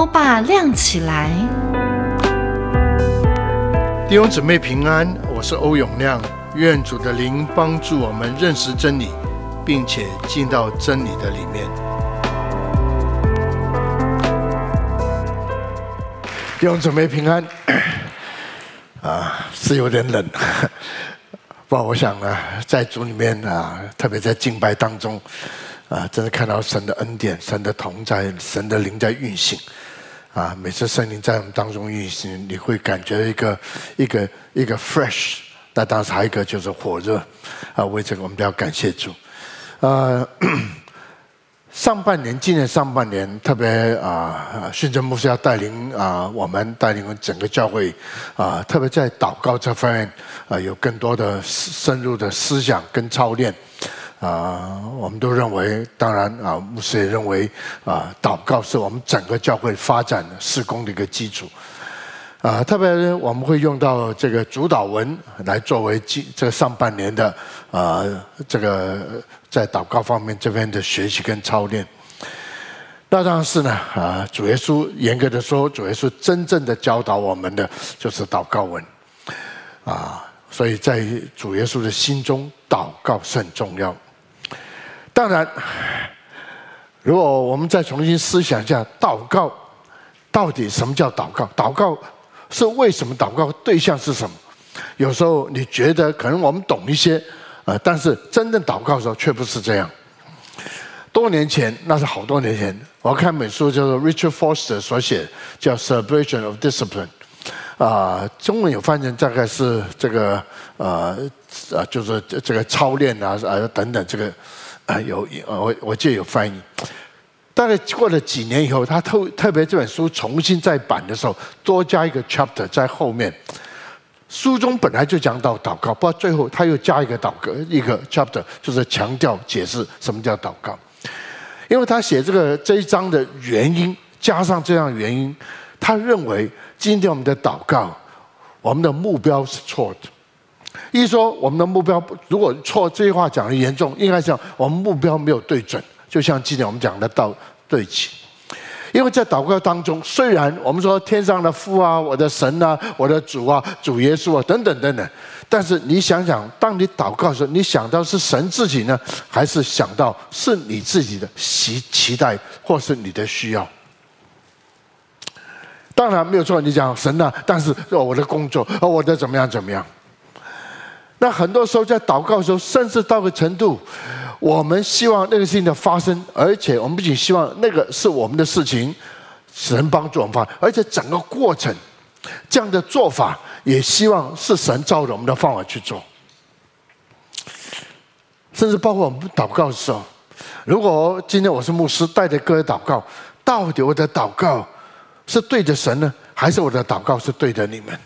歐爸亮起來，弟兄姊妹平安，我是歐永亮，願主的靈幫助我們認識真理，並且進到真理的裡面。弟兄姊妹平安，啊，是有點冷，啊，不過我想呢，啊，在主裡面啊，特別在敬拜當中啊，真的看到神的恩典、神的同在、神的靈在運行。啊，每次聖靈在我們當中運行，你會感覺一個、一個、一個 fresh。那當時還有一個就是火熱，啊，為這個我們都要感謝主。呃，上半年，今年上半年，特別啊、呃，宣教牧師要帶領啊、呃，我們帶領整個教會啊、呃，特別在禱告這方面啊、呃，有更多的深入的思想跟操練。啊，我們都認為，當然啊，牧師也認為啊，禱告是我們整個教會發展事工的一個基礎。啊，特別是我們會用到這個主禱文來作為今這上半年的啊，這個在禱告方面這邊的學習跟操練。那但是呢，啊，主耶穌嚴格的說，主耶穌真正的教導我們的就是禱告文。啊，所以在主耶穌的心中，禱告是很重要。當然，如果我們再重新思想一下，禱告到底什麼叫禱告？禱告是為什麼？禱告對象是什麼？有時候你覺得可能我們懂一些，呃，但是真正禱告的時候卻不是這樣。多年前，那是好多年前，我看本書叫做 Richard Foster 所寫，叫《Celebration of Discipline》，啊，中文有翻譯成大概是這個，呃，就是這個操練啊啊等等這個。啊，有，我我記得有翻譯。大概過了幾年以後，他特特別這本書重新再版的時候，多加一個 chapter 在後面。書中本來就講到禱告，不過最後他又加一個禱告一個 chapter，就是強調解釋什麼叫禱告。因為他寫這個這一章的原因，加上這樣原因，他認為今天我們的禱告，我們的目標是錯的。一說我們的目標，如果錯，這句話講的嚴重，應該講我們目標沒有對準。就像今天我們講的道對齊，因為在禱告當中，雖然我們說天上的父啊，我的神啊，我的主啊，主耶穌啊等等等等，但是你想想，當你禱告的時候，你想到是神自己呢，還是想到是你自己的期期待，或是你的需要？當然沒有錯，你講神啊，但是說我的工作啊，我的怎麼樣怎麼樣？那很多時候在禱告的時候，甚至到個程度，我們希望那個事情的發生，而且我們不僅希望那個是我們的事情，神幫助我們發，而且整個過程這樣的做法，也希望是神照着我們的方法去做。甚至包括我們禱告的時候，如果今天我是牧師帶着各位禱告，到底我的禱告是對着神呢，還是我的禱告是對着你們？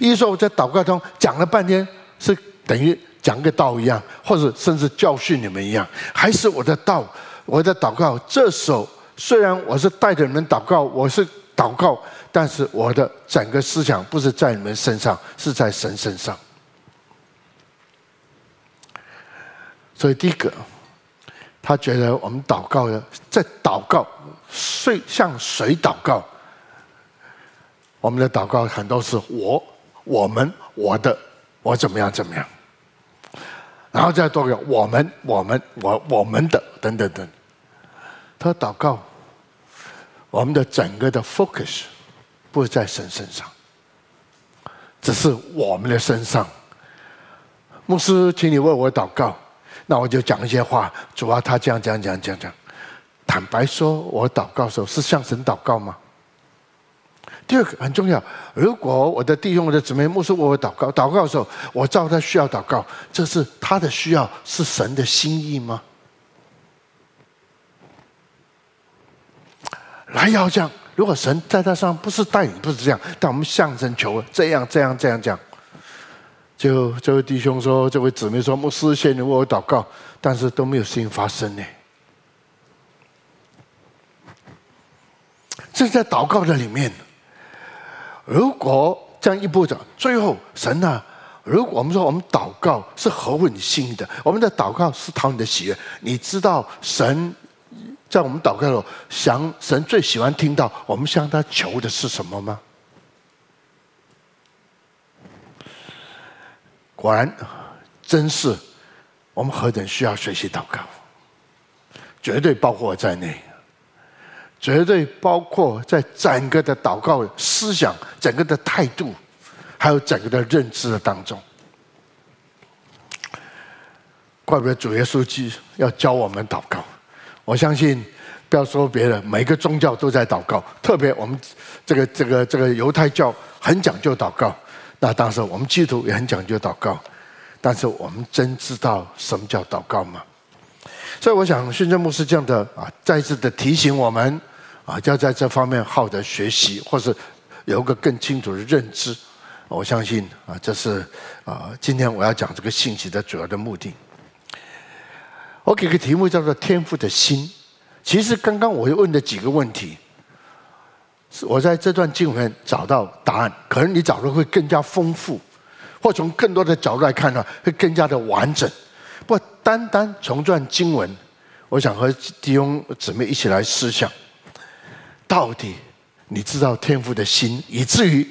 意思說我在禱告中講了半天。是等於講個道一樣，或者甚至教訓你們一樣，還是我的道，我的禱告。這時候雖然我是帶着你們禱告，我是禱告，但是我的整個思想不是在你們身上，是在神身上。所以第一個，他覺得我們禱告的在禱告，誰向誰禱告？我們的禱告很多是我、我們、我的。我怎麼樣怎麼樣？然後再多個我們，我們，我我們的等等等。他說禱告，我們的整個的 focus 不在神身上，只是我們的身上。牧師，請你為我禱告。那我就講一些話。主啊，他講講講講講。坦白說，我禱告的時候是向神禱告嗎？第二個很重要。如果我的弟兄、我的姊妹、牧師，為我禱告，禱告的時候，我照他需要禱告，這是他的需要，是神的心意嗎？來要這樣。如果神在他上不是帶領，不是這樣，但我們向神求這樣、這樣、這樣講。就這位弟兄說，這位姊妹說，牧師，謝謝你為我禱告，但是都沒有事情發生呢。這是在禱告的裡面。如果這樣一步走，最後神啊，如果我們說我們禱告是合乎你心意的，我們的禱告是討你的喜悅，你知道神在我們禱告的時候，想神最喜歡聽到我們向他求的是什麼嗎？果然，真是我們何等需要學習禱告，絕對包括我在內。絕對包括在整個的禱告思想、整個的態度，還有整個的認知當中。怪不得主耶穌基督要教我們禱告。我相信，不要說別的，每個宗教都在禱告。特別我們這個、這個、這個猶太教很講究禱告。那當時我們基督徒也很講究禱告，但是我們真知道什麼叫禱告嗎？所以我想，宣教牧師這樣的啊，再次的提醒我們。啊，要在這方面好的學習，或是有個更清楚的認知，我相信啊，這是啊，今天我要講這個信息的主要的目的。我給個題目叫做“天父的心”。其實剛剛我又問的幾個問題，我在這段經文找到答案，可能你找的會更加豐富，或從更多的角度來看呢，會更加的完整。不單單從這段經文，我想和弟兄姊妹一起來思想。到底你知道天父的心，以至於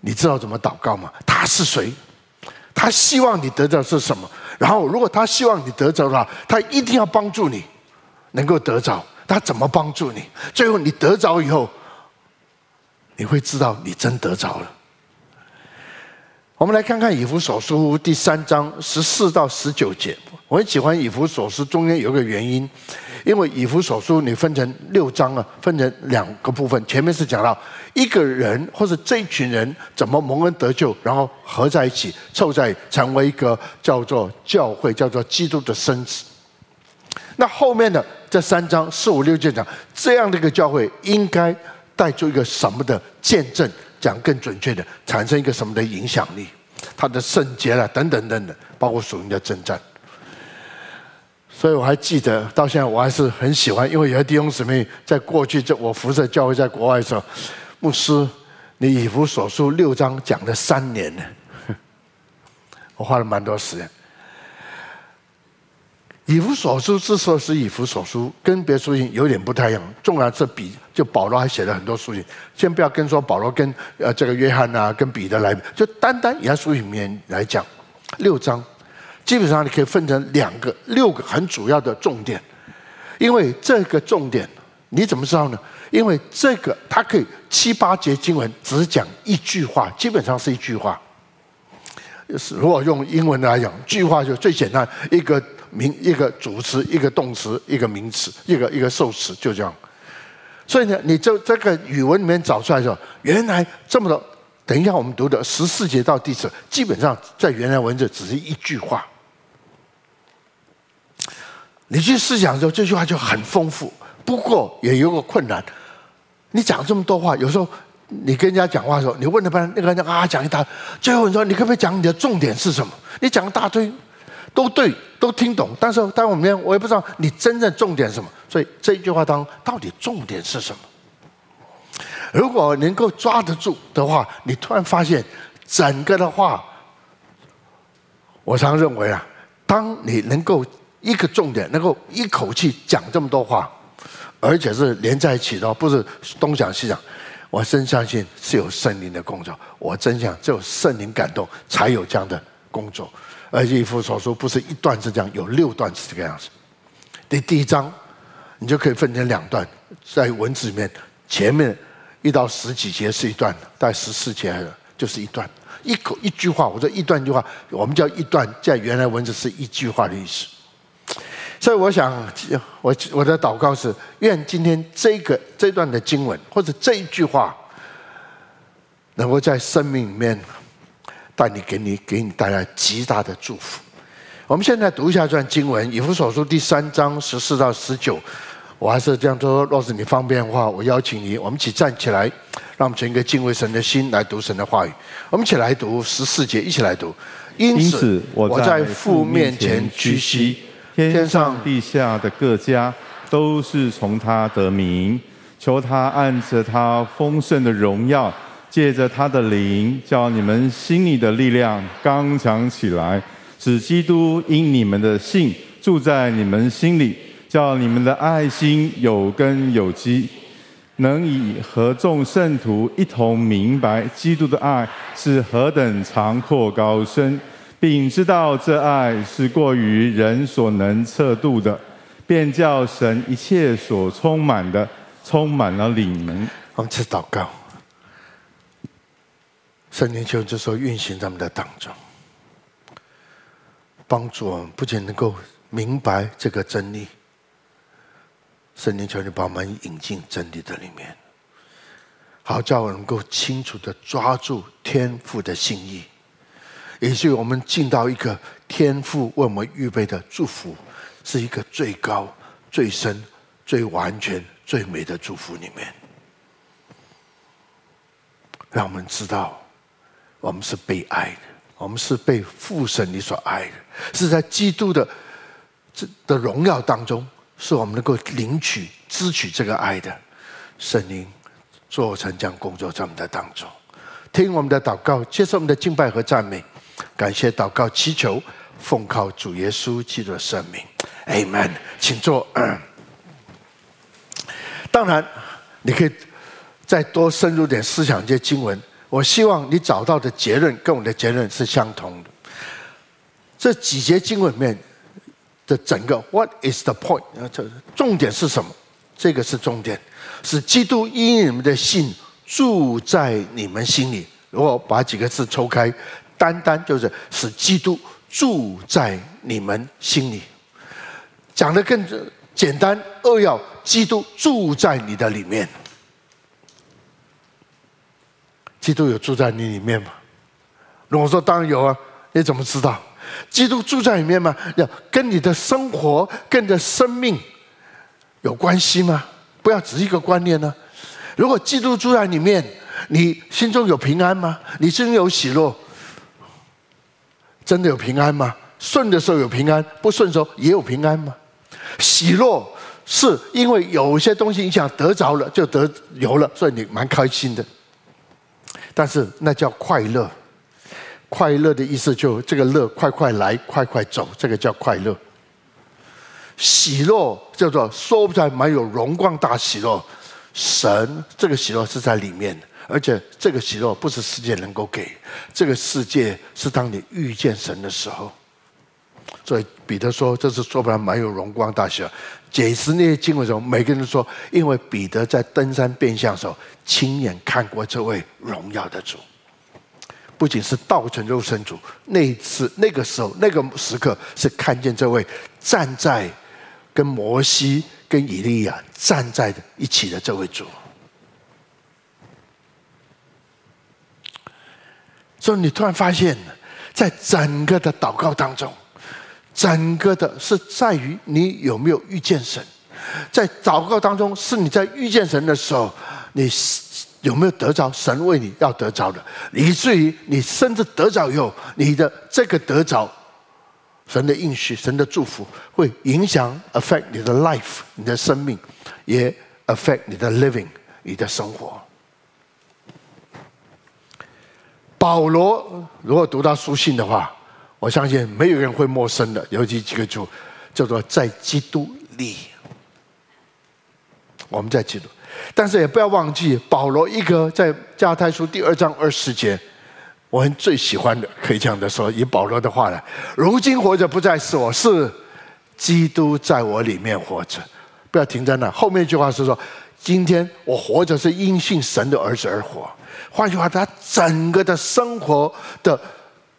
你知道怎麼禱告嗎？他是誰？他希望你得到是什麼？然後，如果他希望你得着的話，他一定要幫助你能夠得着。他怎麼幫助你？最後，你得着以後，你會知道你真得着了。我們來看看以弗所書第三章十四到十九節。我很喜歡以弗所書中間有個原因，因為《以弗所書》你分成六章啊，分成兩個部分，前面是講到一個人或者這一群人怎麼蒙恩得救，然後合在一起湊在一起成為一個叫做教會、叫做基督的身子。那後面的這三章四五六就講這樣的一個教會應該帶出一個什麼的見證，講更準確的產生一個什麼的影響力，他的聖潔啦、啊，等等等等，包括屬靈的征戰。所以我還記得，到現在我還是很喜歡，因為有些弟兄姊妹，在過去就我服侍教會在國外的時候，牧師，你以弗所書六章講了三年呢，我花了蠻多時間。以弗所書之所以是以弗所書，跟別的書信有點不太一樣，重要是比就保羅還寫了很多書信，先不要跟說保羅跟呃這個約翰吶、啊，跟彼得來，就單單以耶穌裡面來講，六章。基本上你可以分成兩個、六個很主要的重點，因為這個重點你怎麼知道呢？因為這個它可以七八節經文只講一句話，基本上是一句話。如果用英文來講，句話就最簡單，一個名、一個主詞、一個動詞、一個名詞、一個一個受詞，就這樣。所以呢，你就這個語文裡面找出來的時候，原來這麼多。等一下我們讀的十四節到第十，基本上在原來文字只是一句話。你去思想的時候，這句話就很豐富。不過也有個困難，你講這麼多話，有時候你跟人家講話的時候，你問了班那個人啊講一大堆，最後你說，你可不可以講你的重點是什麼？你講一大堆，都對，都聽懂，但是在我面我也不知道你真正重點是什麼。所以這一句話當中到底重點是什麼？如果能夠抓得住的話，你突然發現整個的話，我常認為啊，當你能夠。一個重點能夠一口氣講這麼多話，而且是連在一起的，不是東講西講。我真相信是有聖靈的工作。我真想，只有聖靈感動，才有這樣的工作。而且，以弗所書不是一段是這樣，有六段是這個樣子。你第一章，你就可以分成兩段，在文字裡面，前面一到十幾節是一段，的，大概十四節就是一段。一口一句話，我說一段一句話，我們叫一段，在原來文字是一句話的意思。所以我想，我我的禱告是：願今天這個這段的經文，或者這一句話，能夠在生命裡面，帶你給你給你帶來極大的祝福。我們現在讀一下這段經文，《以弗所書》第三章十四到十九。我還是這樣說：若是你方便的話，我邀請你，我們一起站起來，讓我們存一個敬畏神的心來讀神的話語。我們起來讀十四節，一起來讀。因此，我在父面前屈膝。天上,天上地下的各家都是從他得名，求他按着他豐盛的榮耀，借着他的靈，叫你們心裡的力量剛強起來，使基督因你們的信住在你們心裡，叫你們的愛心有根有基，能以和眾聖徒一同明白基督的愛是何等長闊高深。並知道這愛是過於人所能測度的，便叫神一切所充滿的充滿了你們。我們開始禱告。聖靈求祢就是說運行咱們的當中，幫助我們不僅能夠明白這個真理，聖靈求就把我們引進真理的裡面，好，好叫我們能夠清楚的抓住天父的心意。也許我們進到一個天父為我們預備的祝福，是一個最高、最深、最完全、最美的祝福裡面，讓我們知道我們是被愛的，我們是被父神你所愛的，是在基督的這的榮耀當中，是我們能夠領取、支取這個愛的。聖靈做成這樣工作在我們的當中，聽我們的禱告，接受我們的敬拜和讚美。感謝禱告祈求，奉靠主耶穌基督的聖名。Amen，請坐。當然，你可以再多深入點思想一些經文。我希望你找到的結論跟我們的結論是相同的。這幾節經文裡面的整個 “What is the point？” 重點是什麼？這個是重點，是基督因你們的信住在你們心裡。如果把幾個字抽開。單單就是使基督住在你們心裡，講得更簡單扼要，基督住在你的裡面。基督有住在你裡面嗎？如果說當然有啊。你怎麼知道基督住在裡面嗎？要跟你的生活，跟你的生命有關係嗎？不要只一個觀念呢、啊。如果基督住在裡面，你心中有平安嗎？你心中有喜樂？真的有平安嗎？順的時候有平安，不順的時候也有平安嗎？喜樂是因為有些東西你想得着了就得有了，所以你蠻開心的。但是那叫快樂，快樂的意思就是這個樂，快快來，快快走，這個叫快樂。喜樂叫做說，說不出來，滿有榮光大喜樂，神這個喜樂是在裡面的。而且這個喜樂不是世界能夠給，這個世界是當你遇見神的時候。所以彼得說，這是說不出來滿有榮光的大喜解釋那些經文中，每個人都說，因為彼得在登山變像的時候，親眼看過這位榮耀的主，不僅是道成肉身主，那次那個時候那個時刻是看見這位站在跟摩西跟以利亞站在一起的這位主。所以你突然發現，在整個的禱告當中，整個的是在於你有沒有遇見神，在禱告當中是你在遇見神的時候，你有沒有得着神為你要得着的，以至於你甚至得着以後，你的這個得着，神的應許、神的祝福，會影響 affect 你的 life 你的生命，也 affect 你的 living 你的生活。保羅如果讀到書信的話，我相信沒有人會陌生的。尤其幾個主叫做在基督裡，我們在基督，但是也不要忘記保羅一個在加拉太書第二章二十節，我很最喜歡的，可以講的說，以保羅的話呢，如今活着不再是我是，是基督在我裡面活着。不要停在那，後面一句話是說，今天我活着是因信神的兒子而活。換句話，他整個的生活的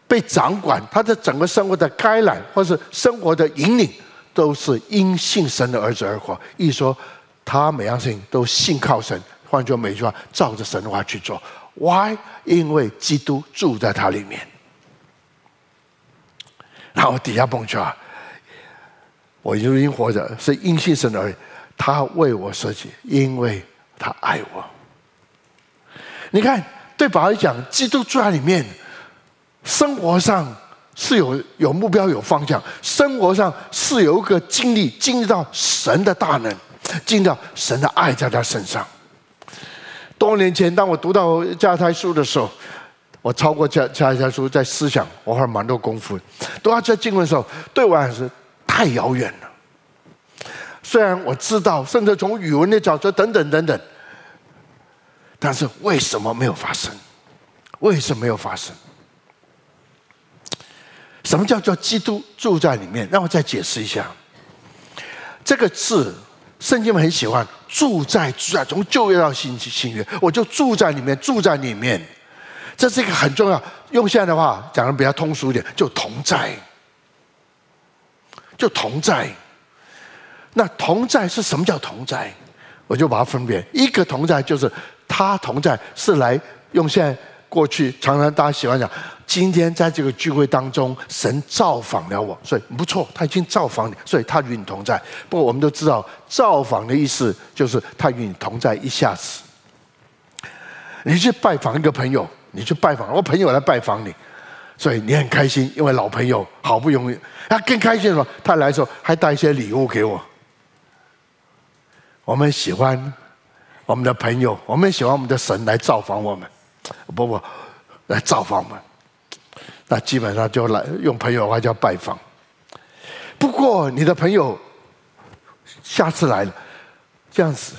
被掌管，他的整個生活的開朗或是生活的引領，都是因信神的兒子而活。一說他每樣事情都信靠神，換作每句話，每一句話照着神的話去做。Why？因為基督住在他裡面。然後底下蹦出來、啊：“我如今活着是因信神而，他為我設計，因為他愛我。”你看，對保羅講，基督住在裡面，生活上是有有目標、有方向；生活上是有一個經歷，經歷到神的大能，經歷到神的愛在他身上。多年前，當我讀到加太書的時候，我超過加加太書，在思想我還蠻多功夫。讀到這經文的時候，對我還是太遙遠了。雖然我知道，甚至從語文的角度，等等等等。但是為什麼沒有發生？為什麼沒有發生？什麼叫做基督住在裡面？讓我再解釋一下。這個字，聖經們很喜歡“住在”、“住在”。從舊約到新新約，我就住在裡面，住在裡面。這是一個很重要。用現在的話講的比較通俗一點，就同在，就同在。那同在是什麼叫同在？我就把它分別一個同在就是，他同在是來用現在過去常常大家喜歡講，今天在這個聚會當中，神造訪了我，所以不錯，他已經造訪你，所以他與你同在。不過我們都知道，造訪的意思就是他與你同在一下子。你去拜訪一個朋友，你去拜訪，我朋友來拜訪你，所以你很開心，因為老朋友好不容易。他更開心什麼？他來的時候還帶一些禮物給我。我們喜歡。我們的朋友，我們也喜歡我們的神來造訪我們，不不，來造訪我們，那基本上就來用朋友的話叫拜訪。不過你的朋友下次來了，這樣子，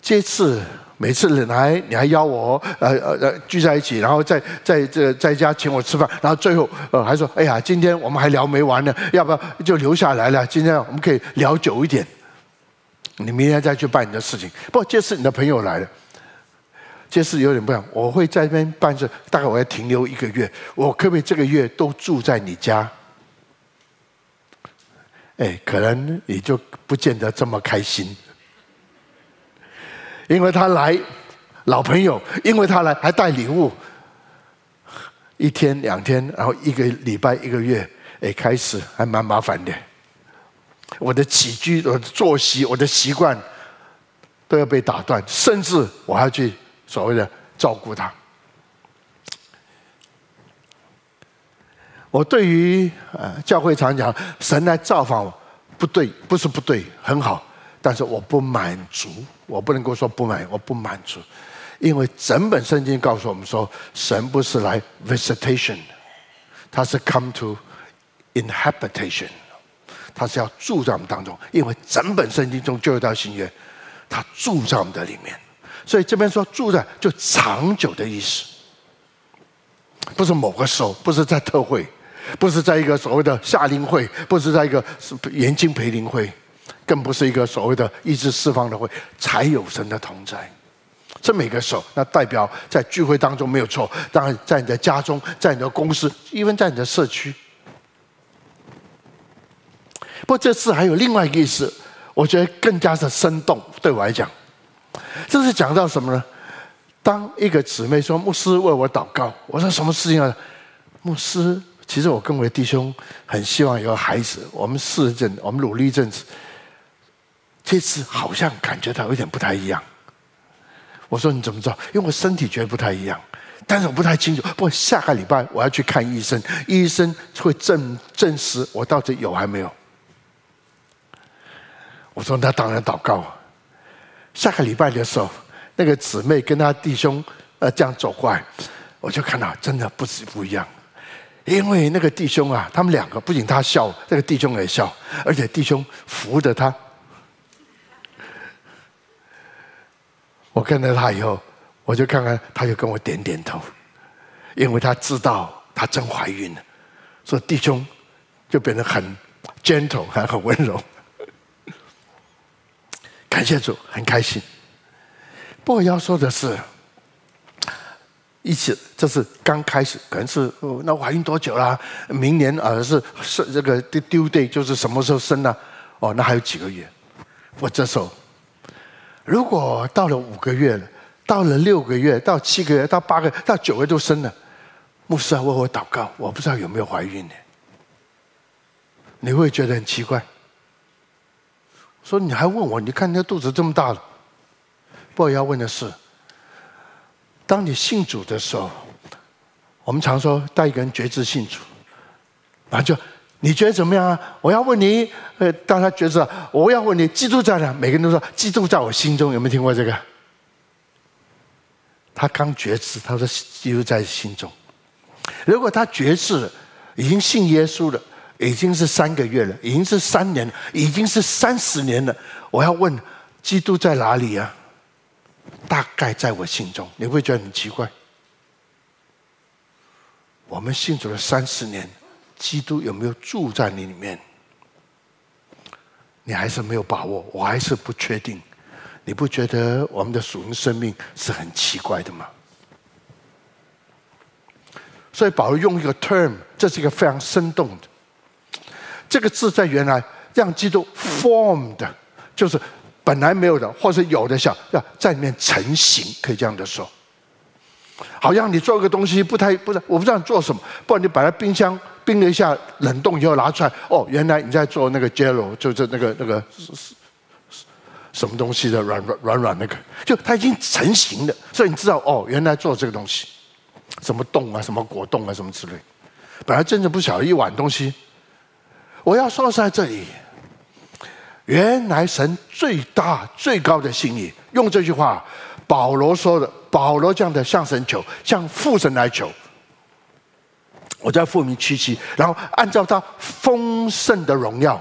這次每次來你還邀我，呃呃呃，聚在一起，然後在在這在家請我吃飯，然後最後呃還說，哎呀，今天我們還聊沒完呢，要不要就留下來了？今天我們可以聊久一點。你明天再去辦你的事情。不，這次你的朋友來了，這次有點不一樣。我會在這邊辦事，大概我要停留一個月。我可不可以這個月都住在你家？哎，可能你就不見得這麼開心，因為他來，老朋友，因為他來還帶禮物，一天兩天，然後一個禮拜一個月，哎，開始還蠻麻煩的。我的起居、我的作息、我的習慣，都要被打斷，甚至我還去所謂的照顧他。我對於呃、啊、教會常常講，神來造訪我，不對，不是不對，很好，但是我不滿足，我不能夠說不滿，我不滿足，因為整本聖經告訴我們說，神不是來 visitation，他是 come to inhabitation。他是要住在我們當中，因為整本聖經中舊約到新約，他住在我們的裡面。所以這邊說住在，就長久的意思，不是某個時候，不是在特會，不是在一個所謂的夏令會，不是在一個是研經培靈會，更不是一個所謂的醫治釋放的會，才有神的同在。這麼一個時候，那代表在聚會當中沒有錯，當然在你的家中，在你的公司，因為在你的社區。不，不過這次還有另外一個意思，我覺得更加的生動。對我來講，這是講到什麼呢？當一個姊妹說，牧師為我禱告，我說，什麼事情啊？牧師，其實我跟我的弟兄很希望有個孩子，我們試一陣，我們努力一陣子。這次好像感覺到有點不太一樣。我說，你怎麼知道？因為我身體覺得不太一樣，但是我不太清楚。不過下個禮拜我要去看醫生，醫生會證證實我到底有還沒有。我說：“那當然，禱告。”下個禮拜的時候，那個姊妹跟她弟兄，呃，這樣走過來，我就看到真的不是不一樣，因為那個弟兄啊，他們兩個不僅他笑，那個弟兄也笑，而且弟兄扶着他。我看到他以後，我就看看，他就跟我點點頭，因為他知道他真懷孕了，所以弟兄就變得很 gentle，還很溫柔。感謝主，很開心。不過要說的是，一起這是剛開始，可能是、哦、那懷孕多久啦？啊？明年啊？哦、是是這個 due date，就是什麼時候生呢？啊？哦，那還有幾個月？我，哦、這時候，如果到了五個月了，到了六個月，到七個月，到八個月，到九個月就生了。牧師還，啊、為我禱告，我不知道有沒有懷孕呢。你會覺得很奇怪。說，你還問我？你看你的肚子這麼大了。不過要問的是：當你信主的時候，我們常說帶一個人決志信主，然後就你覺得怎麼樣啊？我要問你，呃，當他決志了，我要問你，基督在哪？每個人都說基督在我心中，有沒有聽過這個？他剛決志，他說基督在心中。如果他決志了，已經信耶穌了。已經是三個月了，已經是三年了，已經是三十年了。我要問，基督在哪裡呀？大概在我心中，你會覺得很奇怪。我們信主了三十年，基督有沒有住在你裡面？你還是沒有把握，我還是不確定。你不覺得我們的屬靈生命是很奇怪的嗎？所以保羅用一個 term，這是一個非常生動的。這個字在原來讓基督 formed，就是本來沒有的，或者是有的想要在裡面成型，可以這樣的說。好像你做一個東西不太不是，我不知道你做什麼，不然你把它冰箱冰了一下，冷凍以後拿出來，哦，原來你在做那個 Jello，就是那個那個是什麼東西的軟軟軟軟那個，就它已經成型了，所以你知道哦，原來做這個東西，什麼凍啊，什麼果凍啊，什麼之類，本來真的不曉得一碗東西。我要說在這裡，原來神最大最高的心意，用這句話，保羅說的，保羅這樣的向神求，向父神來求，我在父名屈膝，然後按照他豐盛的榮耀，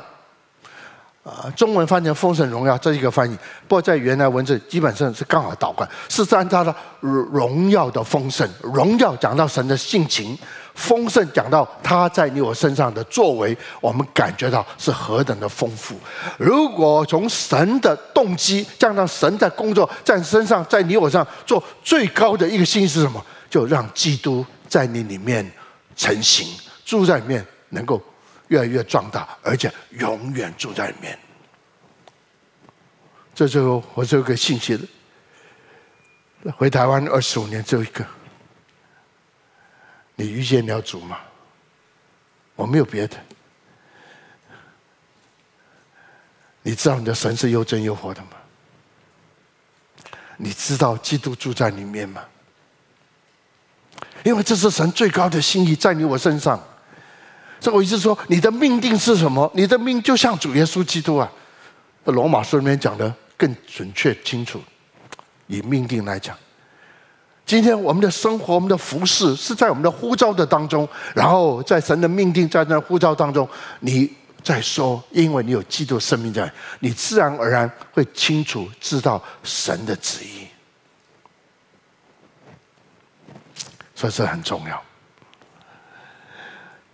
啊，中文翻譯豐盛的榮耀這一個翻譯，不過在原來文字基本上是剛好倒過來，是按照他的榮耀的豐盛，榮耀講到神的性情。豐盛講到他在你我身上的作為，我們感覺到是何等的豐富。如果從神的動機，降到神的工作在你身上，在你我上做最高的一個信息是什麼？就讓基督在你裡面成形，住在裡面，能夠越來越壯大，而且永遠住在裡面。這就後我這個信息了，回台灣二十五年只有一個。你遇見了主嗎？我沒有別的。你知道你的神是又真又活的嗎？你知道基督住在裡面嗎？因為這是神最高的心意在你我身上。所以我一直說，你的命定是什麼？你的命就像主耶穌基督啊。羅馬書裡面講的更準確清楚，以命定來講。今天我們的生活，我們的服事，是在我們的呼召的當中，然後在神的命定，在那呼召當中，你在說，因為你有基督生命在，你自然而然會清楚知道神的旨意。所以這是很重要。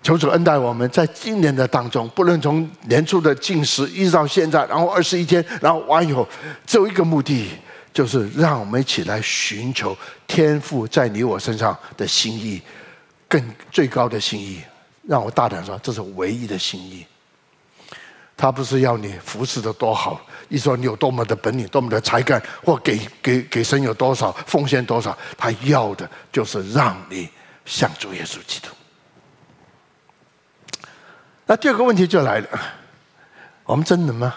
求主恩待我們在今年的當中，不論從年初的禁食，一直到現在，然後二十一天，然後完以後，只有一個目的。就是讓我們一起來尋求天父在你我身上的心意，更最高的心意。讓我大膽說，這是唯一的心意。他不是要你服侍的多好，你說你有多麼的本領、多麼的才幹，或給給給神有多少奉獻多少，他要的就是讓你像主耶穌基督。那第二個問題就來了：我們真的嗎？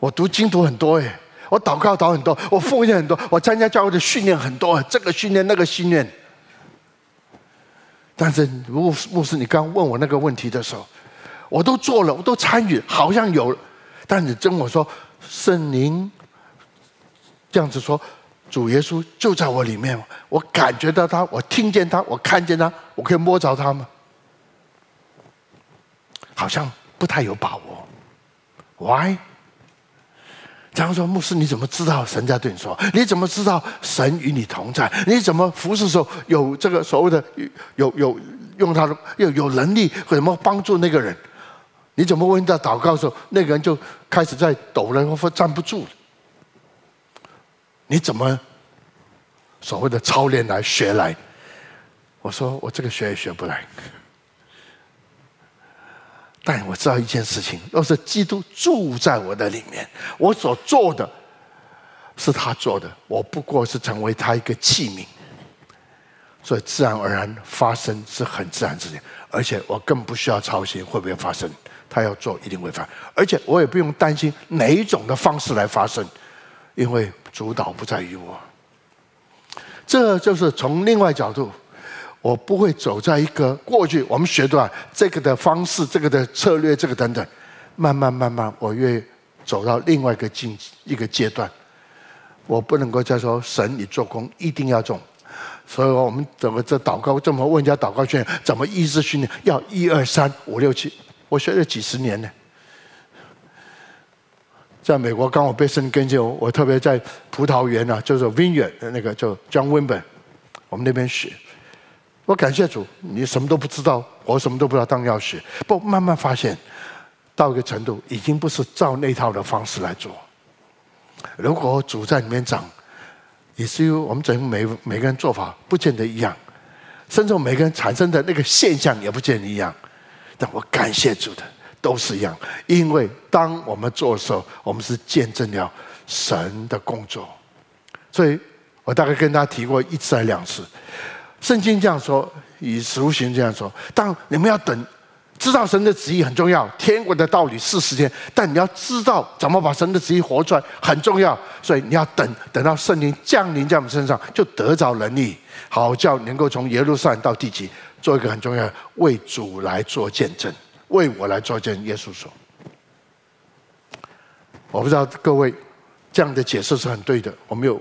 我讀經讀很多耶，我禱告禱很多，我奉獻很多，我參加教會的訓練很多，這個訓練那個訓練。但是牧牧師，你剛問我那個問題的時候，我都做了，我都參與，好像有。但你跟我說，聖靈這樣子說，主耶穌就在我裡面，我感覺到他，我聽見他，我看見他，我可以摸着他嗎？好像不太有把握，Why？假如說：“牧師，你怎麼知道神在對你說？你怎麼知道神與你同在？你怎麼服侍時候有這個所謂的有有用他的有有能力或什麼幫助那個人？你怎麼為他禱告的時候那個人就開始在抖了或站不住了？你怎麼所謂的操練來學來？我說我這個學也學不來。”但我知道一件事情，若是基督住在我的裡面，我所做的，是他做的，我不過是成為他一個器皿，所以自然而然發生是很自然的事情。而且我更不需要操心會不會發生，他要做一定會發生，而且我也不用擔心哪一種的方式來發生，因為主導不在於我。這就是從另外角度。我不會走在一個過去我們學的這個的方式，這個的策略，這個等等，慢慢慢慢，我越走到另外一個境界，一個階段，我不能夠再說神，你做工一定要重。所以，說我們怎麼這禱告，這麼問人家禱告訓練，怎麼意志訓練，要一二三五六七，我學了幾十年呢，在美國剛好被我被聖工前，我特別在葡萄園呢，叫做溫遠，那個叫 John Wimber，我們那邊學。我感謝主，你什麼都不知道，我什麼都不知道，當要學，不慢慢發現，到一個程度，已經不是照那套的方式來做。如果主在裡面長，也是因為我們整個每每個人做法不見得一樣，甚至每個人產生的那個現象也不見得一樣。但我感謝主的，都是一樣，因為當我們做的時候，我們是見證了神的工作。所以我大概跟他提過一次還是兩次。聖經這樣說，使徒行傳這樣說，當你們要等，知道神的旨意很重要。天國的道理是時間，但你要知道怎麼把神的旨意活出來很重要。所以你要等，等到聖靈降臨在我們身上，就得著能力，好叫能夠從耶路撒冷到地極，做一個很重要的為主來做見證，為我來做見證。耶穌說：“我不知道各位這樣的解釋是很對的。”我沒有。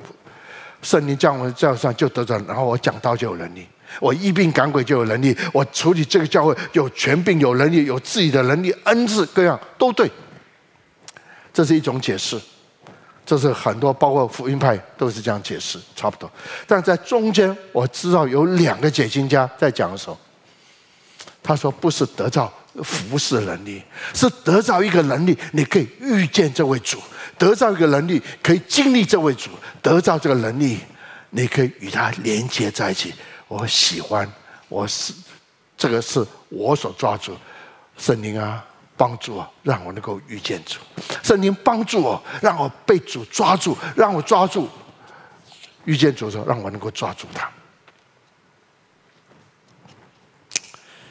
聖靈降文教會上就得着，然後我講道就有能力，我醫病趕鬼就有能力，我處理這個教會有權柄有能力、有自己的能力，恩賜各樣都對。這是一種解釋，這是很多包括福音派都是這樣解釋，差不多。但在中間我知道有兩個解經家在講的時候，他說不是得到服侍能力，是得到一個能力，你可以遇見這位主。得到一個能力，可以經歷這位主；得到這個能力，你可以與他連接在一起。我喜歡，我是這個是我所抓住。聖靈啊，幫助我，讓我能夠遇見主。聖靈幫助我，讓我被主抓住，讓我抓住遇見主的時候，讓我能夠抓住他。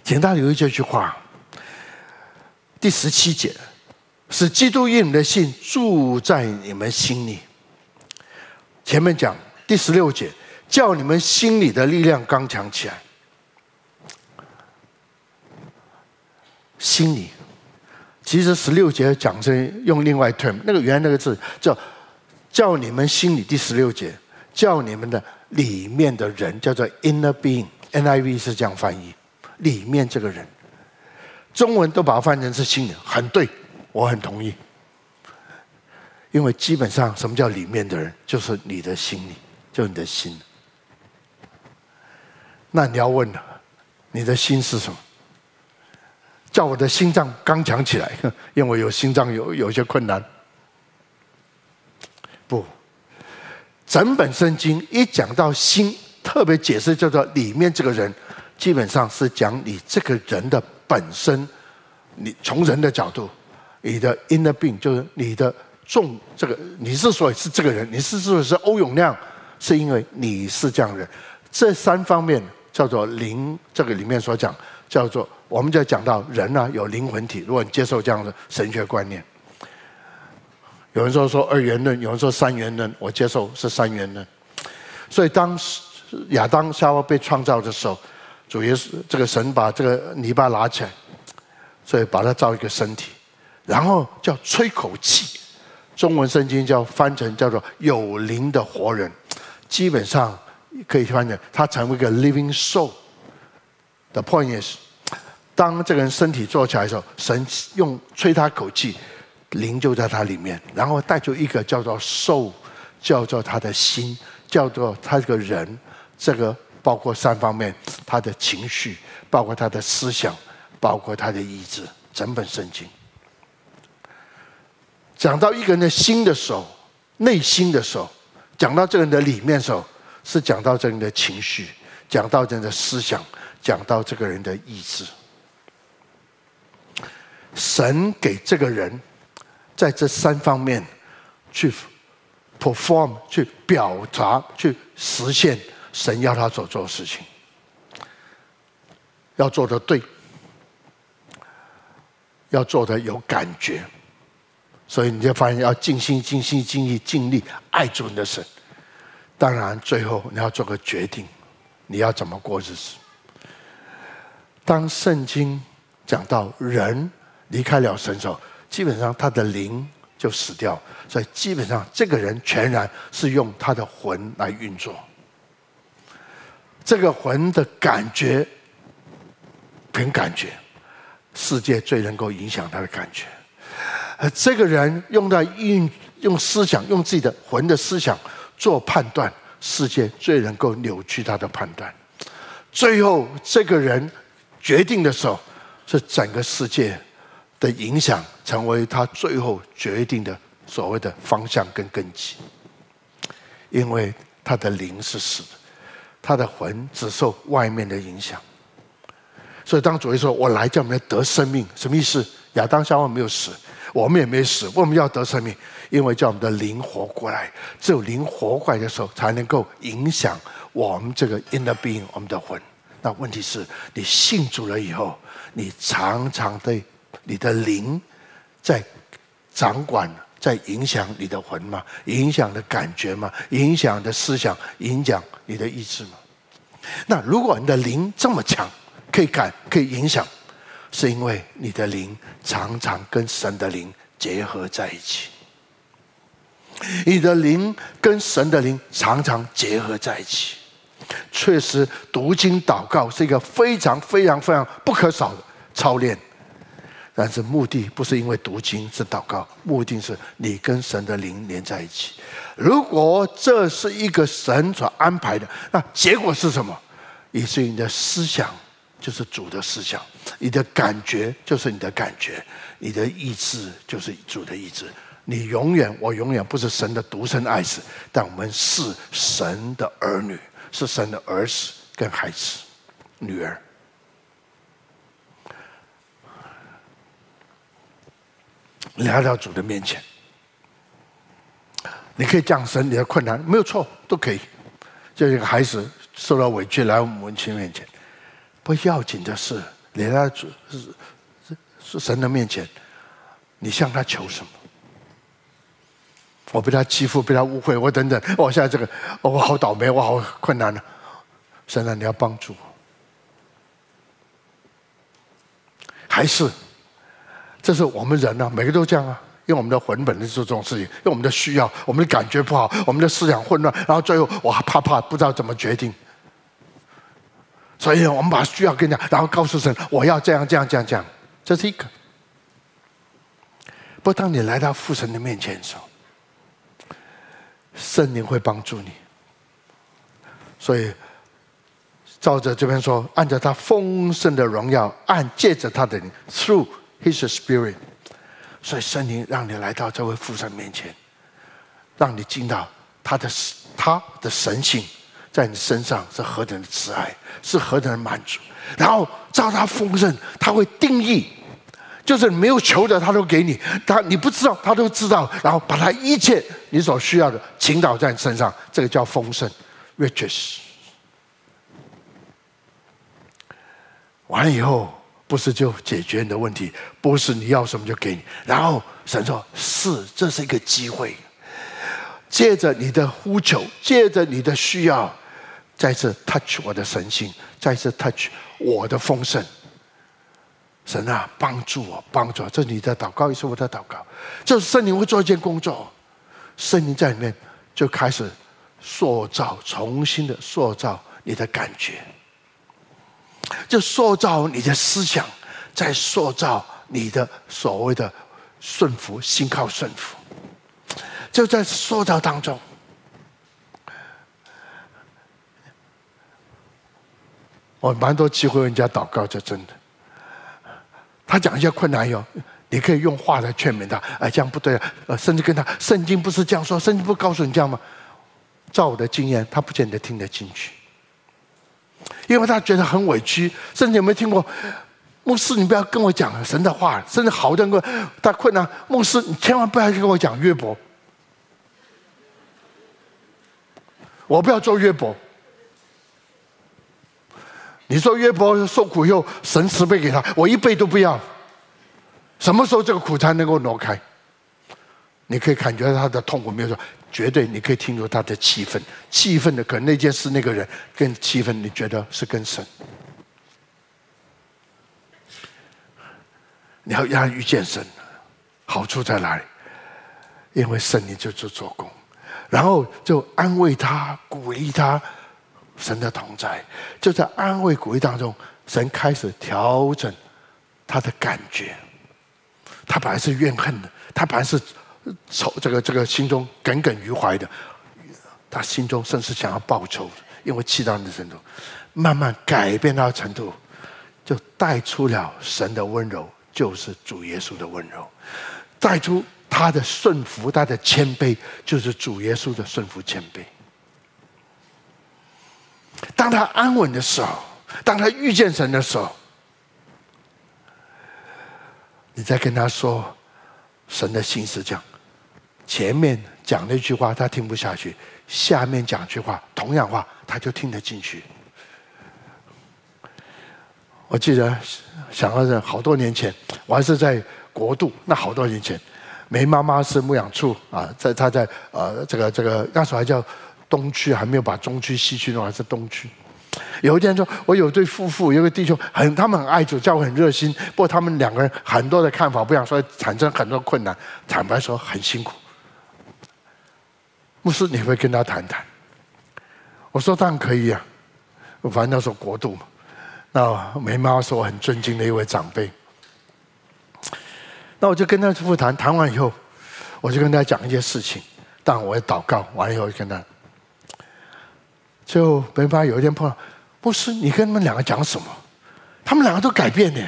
請大家留意這句話，第十七節。使基督因你的信住在你們心裡。前面講第十六節，叫你們心裡的力量剛強起來。心裡，其實十六節講是用另外一 term，那個原來那個字叫“叫你們心裡”。第十六節，叫你們的裡面的人，叫做 inner being，NIV 是這樣翻譯，裡面這個人，中文都把它翻譯成是心裡，很對。我很同意，因為基本上什麼叫裡面的人，就是你的心裡，就你的心。那你要問了，你的心是什麼？叫我的心臟剛強起來，因為有心臟有有些困難。不，整本聖經一講到心，特別解釋叫做裡面這個人，基本上是講你這個人的本身，你從人的角度。你的 inner being, 就是你的重，這個你之所以是這個人，你之所以是歐永亮，是因為你是這樣的人。這三方面叫做靈，這個裡面所講叫做，我們就要講到人呢、啊，有靈魂體。如果你接受這樣的神學觀念，有人說說二元論，有人說三元論，我接受是三元論。所以當亞當夏娃被創造的時候，主耶穌這個神把這個泥巴拿起來，所以把它造一個身體。然後叫吹口氣，中文聖經叫翻成叫做有靈的活人，基本上可以翻成他成為一個 living soul。The point is，當這個人身體坐起來的時候，神用吹他口氣，靈就在他裡面，然後帶出一個叫做 soul，叫做他的心，叫做他這個人，這個包括三方面，他的情緒，包括他的思想，包括他的意志，整本聖經。講到一個人的心的時候，內心的時候，講到這個人的裡面的時候，是講到這個人的情緒，講到這個人的思想，講到這個人的意志。神給這個人，在這三方面去 perform、去表達、去實現神要他所做的事情，要做得對，要做得有感覺。所以你就發現要盡心、盡心、盡意、盡力愛主你的神。當然，最後你要做個決定，你要怎麼過日子。當聖經講到人離開了神之後，基本上他的靈就死掉，所以基本上這個人全然是用他的魂來運作。這個魂的感覺，憑感覺，世界最能夠影響他的感覺。而這個人用在運用思想，用自己的魂的思想做判斷，世界最能夠扭曲他的判斷。最後，這個人決定的時候，是整個世界的影響成為他最後決定的所謂的方向跟根基。因為他的靈是死的，他的魂只受外面的影響。所以，當主耶穌說“我來叫你們得生命”，什麼意思？亞當夏娃沒有死。我們也沒死，我們要得生命，因為叫我們的靈活過來。只有靈活過來的時候，才能夠影響我們這個 inner being 我們的魂。那問題是，你信主了以後，你常常的，你的靈在掌管，在影響你的魂嗎？影響的感覺嗎？影響的思想？影響你的意志嗎？那如果你的靈這麼強，可以改，可以影響。是因為你的靈常常跟神的靈結合在一起，你的靈跟神的靈常常結合在一起。確實，讀經禱告是一個非常非常非常不可少的操練。但是，目的不是因為讀經是禱告，目的是你跟神的靈連在一起。如果這是一個神所安排的，那結果是什麼？以至於你的思想就是主的思想。你的感覺就是你的感覺，你的意志就是主的意志。你永遠，我永遠不是神的獨生愛子，但我們是神的兒女，是神的兒子跟孩子、女兒，來到主的面前。你可以講神你的困難，沒有錯，都可以。就一個孩子受到委屈來我們母親面前，不要緊的事。你在是是是神的面前，你向他求什麼？我被他欺負，被他誤會，我等等，我、哦、現在這個、哦，我好倒霉，我好困難了、啊。神啊，你要幫助我。還是，這是我們人呢、啊，每個都這樣啊，用我們的魂本能做這種事情，用我們的需要，我們的感覺不好，我們的思想混亂，然後最後我還怕怕，不知道怎麼決定。所以我們把需要跟你講，然後告訴神，我要這樣這樣這樣這樣，這是一個。不當你來到父神的面前的時候，聖靈會幫助你。所以，照着這邊說，按照他豐盛的榮耀，按借着他的人 t h r o u g h His Spirit），所以聖靈讓你來到這位父神面前，讓你聽到他的他的神性。在你身上是何等的慈愛，是何等的滿足。然後照他豐盛，他會定義，就是沒有求的他都給你，他你不知道他都知道。然後把他一切你所需要的傾倒在你身上，這個叫豐盛 （riches）。完了以後，不是就解決你的問題，不是你要什麼就給你。然後神說：“是，這是一個機會，借着你的呼求，借着你的需要。”再次 touch 我的神性，再次 touch 我的豐盛。神啊，幫助我，幫助我。這是你的禱告，也是我的禱告。就是聖靈會做一件工作，聖靈在裡面就開始塑造，重新的塑造你的感覺，就塑造你的思想，再塑造你的所謂的順服，心靠順服，就在塑造當中。我、哦、蠻多機會，問人家禱告就真的。他講一些困難喲，你可以用話來勸勉他，哎、啊，這樣不對，啊，甚至跟他聖經不是這樣說，聖經不告訴你這樣嗎？照我的經驗，他不見得聽得進去，因為他覺得很委屈。甚至有沒有聽過？牧師，你不要跟我講神的話，甚至好多人過。他困難，牧師，你千萬不要跟我講約伯，我不要做約伯。你說約伯受苦以後，神十倍給他，我一倍都不要。什麼時候這個苦才能夠挪開？你可以感覺他的痛苦沒有錯，絕對你可以聽出他的氣憤，氣憤的可能那件事那個人更氣憤，你覺得是更深。你要遇見神好處在哪裡？因為神你就做做工，然後就安慰他，鼓勵他。神的同在，就在安慰鼓勵當中，神開始調整他的感覺。他本來是怨恨的，他本來是仇，這個這個心中耿耿於懷的，他心中甚至想要報仇，因為氣到你的程度，慢慢改變他的程度，就帶出了神的溫柔，就是主耶穌的溫柔；帶出他的順服，他的謙卑，就是主耶穌的順服謙卑。當他安穩的時候，當他遇見神的時候，你再跟他說神的心思，講前面講那句話他聽不下去，下面講句話同樣話他就聽得進去。我記得想到是好多年前，我還是在國度，那好多年前，梅媽媽是牧養處啊，在、呃、他在啊、呃、這個這個那時候還叫？東區還沒有把中區、區、西區弄完是東區。有一天說，我有對夫婦，有個弟兄，很他們很愛主教，教我很熱心。不過他們兩個人很多的看法，不想說產生很多困難。坦白說，很辛苦。牧師，你會跟他談談？我說當然可以呀、啊。我反正那時候國度嘛。那梅媽是我很尊敬的一位長輩。那我就跟他夫婦談談完以後，我就跟他講一些事情。但我也禱告完以後，跟他。就梅媽有一天碰到，不是你跟他們兩個講什麼，他們兩個都改變呢？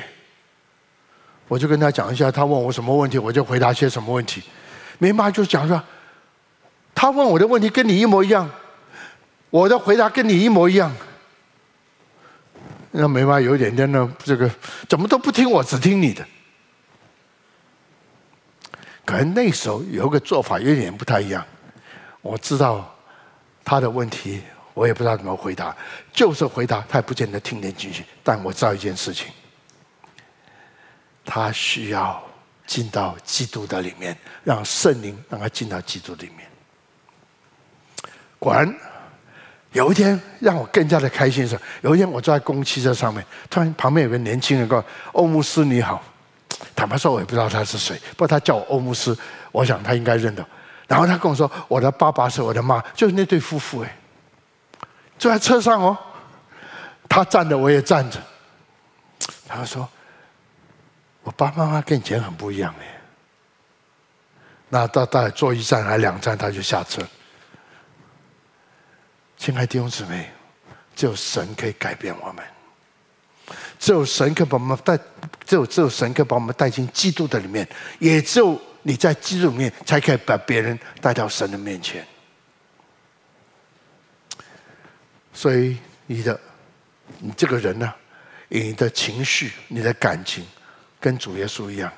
我就跟他講一下，他問我什麼問題，我就回答些什麼問題。梅媽就講說，他問我的問題跟你一模一樣，我的回答跟你一模一樣。那梅媽有點點那這個，怎麼都不聽我，只聽你的。可能那時候有個做法有點不太一樣，我知道他的問題。我也不知道怎麼回答，就是回答他也不見得聽得進去。但我知道一件事情，他需要進到基督的裡面，讓聖靈讓他進到基督裡面。果然，有一天讓我更加的開心的時候，有一天我坐在公汽車上面，突然旁邊有個年輕人說，歐姆斯你好，坦白說我也不知道他是誰，不過他叫我歐姆斯，我想他應該認得。然後他跟我說，我的爸爸是我的媽，就是那對夫婦哎、欸。就在車上哦，他站着，我也站着。他說：“我爸爸媽媽跟以前很不一樣哎。”那到大概坐一站還是兩站，他就下車。親愛的弟兄姊妹，只有神可以改變我們，只有神可以把我們帶，只有只有神可以把我們帶進基督的裡面，也只有你在基督裡面，才可以把別人帶到神的面前。所以你的，你這個人呢、啊，你的情緒、你的感情，跟主耶穌一樣，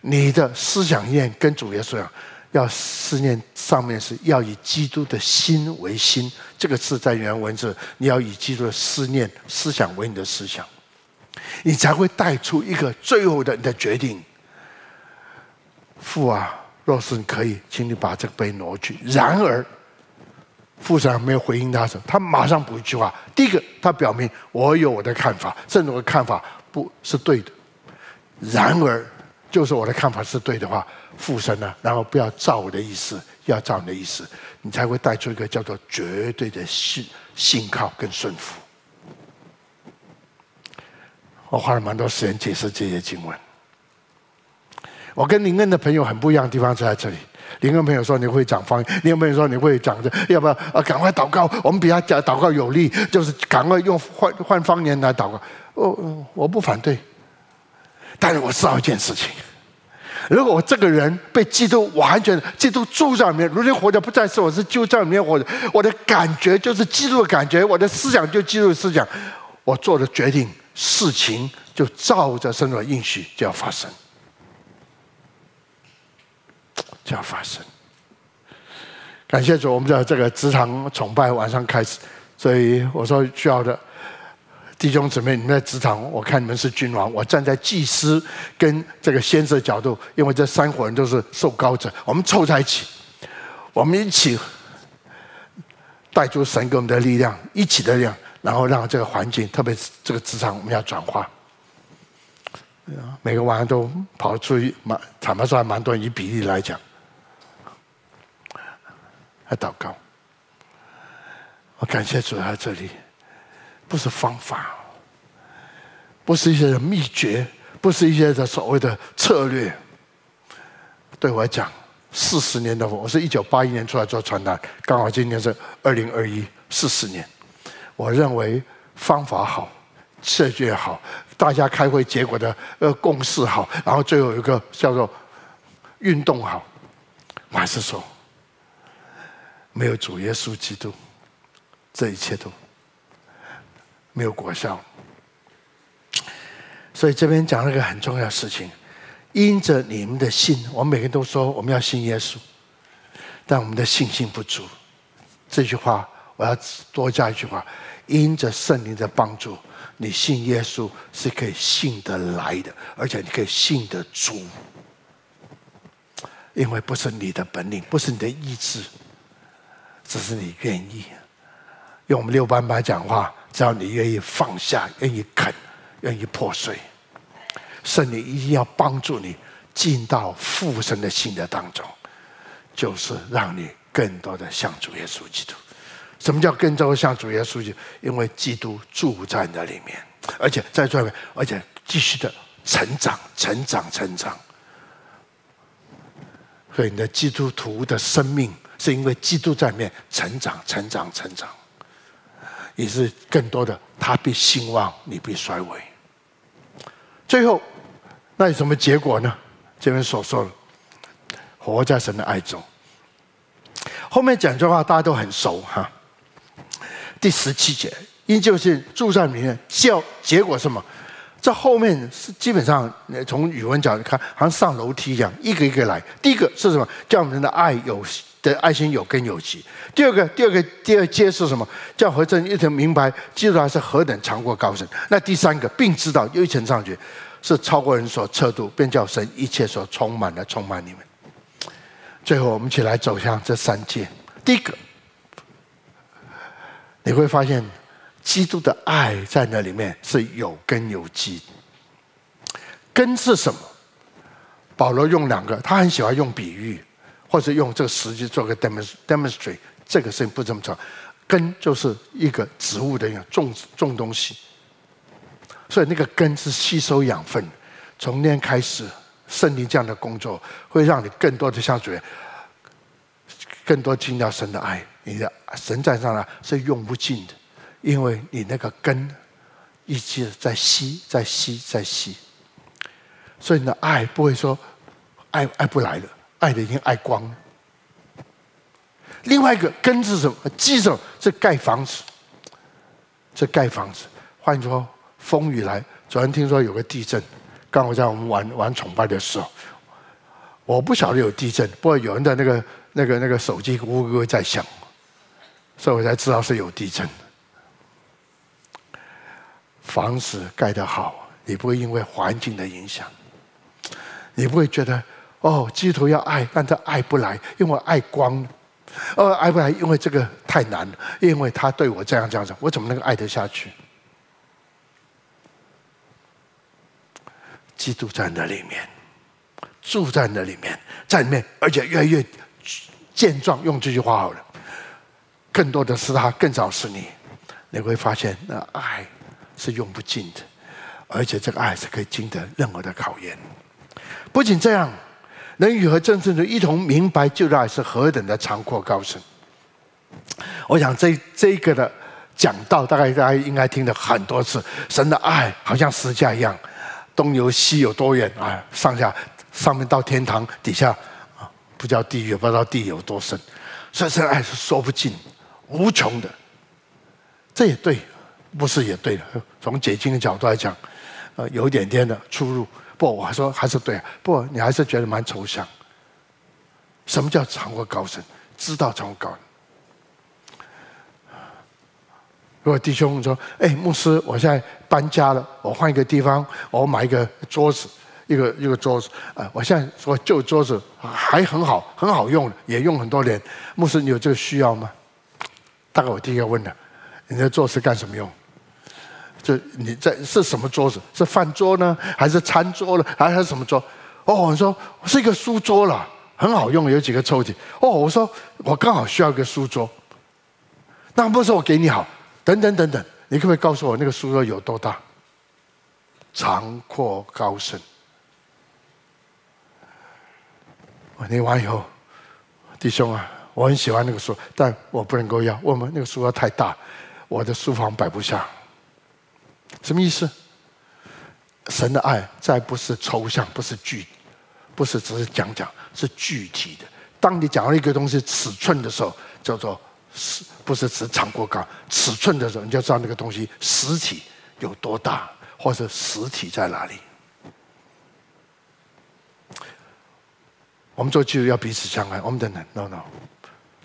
你的思想念跟主耶穌一樣，要思念上面是要以基督的心為心。這個字在原文是，你要以基督的思念、思想為你的思想，你才會帶出一個最後的你的決定。父啊，若是你可以，請你把這個杯挪去。然而。父神沒有回應他時，他馬上補一句話。第一個，他表明我有我的看法，甚至我的看法不是對的；然而，就是我的看法是對的話，父神呢、啊，然後不要照我的意思，要照你的意思，你才會帶出一個叫做絕對的信信靠跟順服。我花了蠻多時間解釋這些經文。我跟靈恩的朋友很不一樣的地方就在這裡。你跟朋友說你會講方言，你有朋友說你會講的，要不要？啊，趕快禱告，我們比他講禱告有力，就是趕快用換換方言來禱告。我、哦哦、我不反對，但是我知道一件事情：如果我這個人被基督完全，基督住在裡面，如今活的不再是我，是基督住在裡面活着，我的感覺就是基督的感覺，我的思想就基督的思想，我做的決定事情，就照着神的應許就要發生。就要發生，感謝主，我們的這個職場崇拜晚上開始，所以我說需要的弟兄姊妹，你們在職場，我看你們是君王，我站在祭司跟這個先知的角度，因為這三夥人都是受高者，我們湊在一起，我們一起帶出神給我們的力量，一起的力量，然後讓這個環境，特別是這個職場，我們要轉化。每個晚上都跑出去，蠻，坦白說還蠻多人，以比例來講，還禱告。我感謝主在這裡，不是方法，不是一些的秘訣，不是一些的所謂的策略。對我來講，四十年的我，是一九八一年出來做傳單，剛好今年是二零二一，四十年。我認為方法好，設計也好。大家開會結果的呃、共識好，然後最後一個叫做運動好，我還是說沒有主耶穌基督，這一切都沒有果效。所以這邊講了一個很重要的事情，因着你們的信，我們每個人都說我們要信耶穌，但我們的信心不足。這句話我要多加一句話，因着聖靈的幫助。你信耶穌是可以信得來的，而且你可以信得住，因為不是你的本領，不是你的意志，只是你願意。用我們六班班講話，只要你願意放下，願意肯，願意破碎，聖靈一定要幫助你進到復神父神的心的當中，就是讓你更多的向主耶穌基督。什麼叫更多像主耶穌去？因為基督住在那裡面，而且在這裡面，而且繼續的成長、成長、成長。所以，你的基督徒的生命，是因為基督在裡面成長、成長、成長，也是更多的他必興旺，你必衰微。最後，那有什麼結果呢？這邊所說的活在神的愛中。後面講這話，大家都很熟哈。第十七節，依舊是住在裡面，結結果什麼？這後面是基本上從語文角度看，好像上樓梯一樣，一個一個來。第一個是什麼？叫我們的愛有的愛心有根有基。第二個，第二個第二階是什麼？叫和眾一同明白，基督還是何等長闊高深。那第三個，並知道又一層上去，是超過人所測度，便叫神一切所充滿的充滿你們。最後，我們一起來走向這三階，第一個。你會發現，基督的愛在那裡面是有根有基的。根是什麼？保羅用兩個，他很喜歡用比喻，或者用這個實際做個 demonstrate。這個事情不這麼做，根就是一個植物的養種種東西。所以那個根是吸收養分，從今天開始，聖靈這樣的工作，會讓你更多的像主，更多進入到神的愛。你的神在上啊，是用不盡的，因為你那個根一直在吸，在吸，在吸，所以你的愛不會說愛，愛不來了，愛的已經愛光了。另外一個根是什麼？基礎是蓋房子，這蓋房子，換言風雨來。昨天聽說有個地震，剛好在我們玩玩崇拜的時候，我不曉得有地震，不過有人的那個那個那個手機嗚嗚在響。所以，我才知道是有地震。房子蓋得好，你不會因為環境的影響，你不會覺得哦，基督徒要愛，但他愛不來，因為愛光，哦，愛不來，因為這個太難了，因為他對我這樣這樣子，我怎麼能夠愛得下去？基督在那裡面，住在那裡面，在裡面，而且越來越健壯。用這句話好了。更多的是他，更少是你。你會發現，那愛是用不盡的，而且這個愛是可以經得任何的考驗。不僅這樣，能以和眾聖徒一同明白，舊愛是何等的長闊高深。我想這這個的講道，大概大家應該聽了很多次。神的愛好像十架一樣，東游西有多遠啊？上下上面到天堂，底下啊不叫地獄，不知道地有多深。所以，這愛是說不盡。無窮的，這也對，牧師也對的。從解經的角度來講，呃，有一點點的出入。不，我還說還是對。不，你還是覺得蠻抽象。什麼叫長闊高深？知道長闊高深。如果弟兄說：“哎，牧師，我現在搬家了，我換一個地方，我買一個桌子，一個一個桌子。啊，我現在說舊桌子還很好，很好用，也用很多年。牧師，你有這個需要嗎？”大概我第一個問的，你這桌子是幹什麼用？這你在是什麼桌子？是飯桌呢，還是餐桌呢？還是什麼桌？哦，我說是一個書桌了，很好用，有幾個抽屜。哦，我說我剛好需要一個書桌，那不是我給你好，等等等等，你可不可以告訴我那個書桌有多大？長、闊、高、深。我念完以後，弟兄啊。我很喜歡那個書，但我不能夠要。我們那個書要太大，我的書房擺不下。什麼意思？神的愛再不是抽象，不是具，不是只是講講，是具體的。當你講到一個東西尺寸的時候，叫做“是”，不是只長過高尺寸的時候，你就知道那個東西實體有多大，或是實體在哪裡。我們做基督要彼此相愛，我們等等，no no。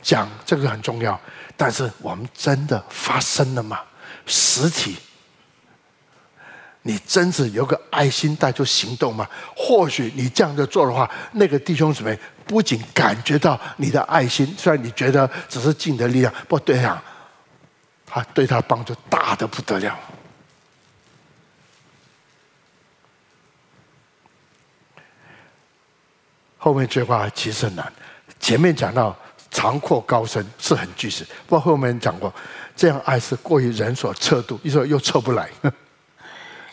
講這個很重要，但是我們真的發生了嗎？實體，你真的有個愛心，帶出行動嗎？或許你這樣子做的話，那個弟兄姊妹不僅感覺到你的愛心，雖然你覺得只是盡的力量，不對呀，他對他幫助大得不得了。後面這話其實很難，前面講到。長闊高深是很具體，不過後面講過，這樣愛是過於人所測度，一說又測不來，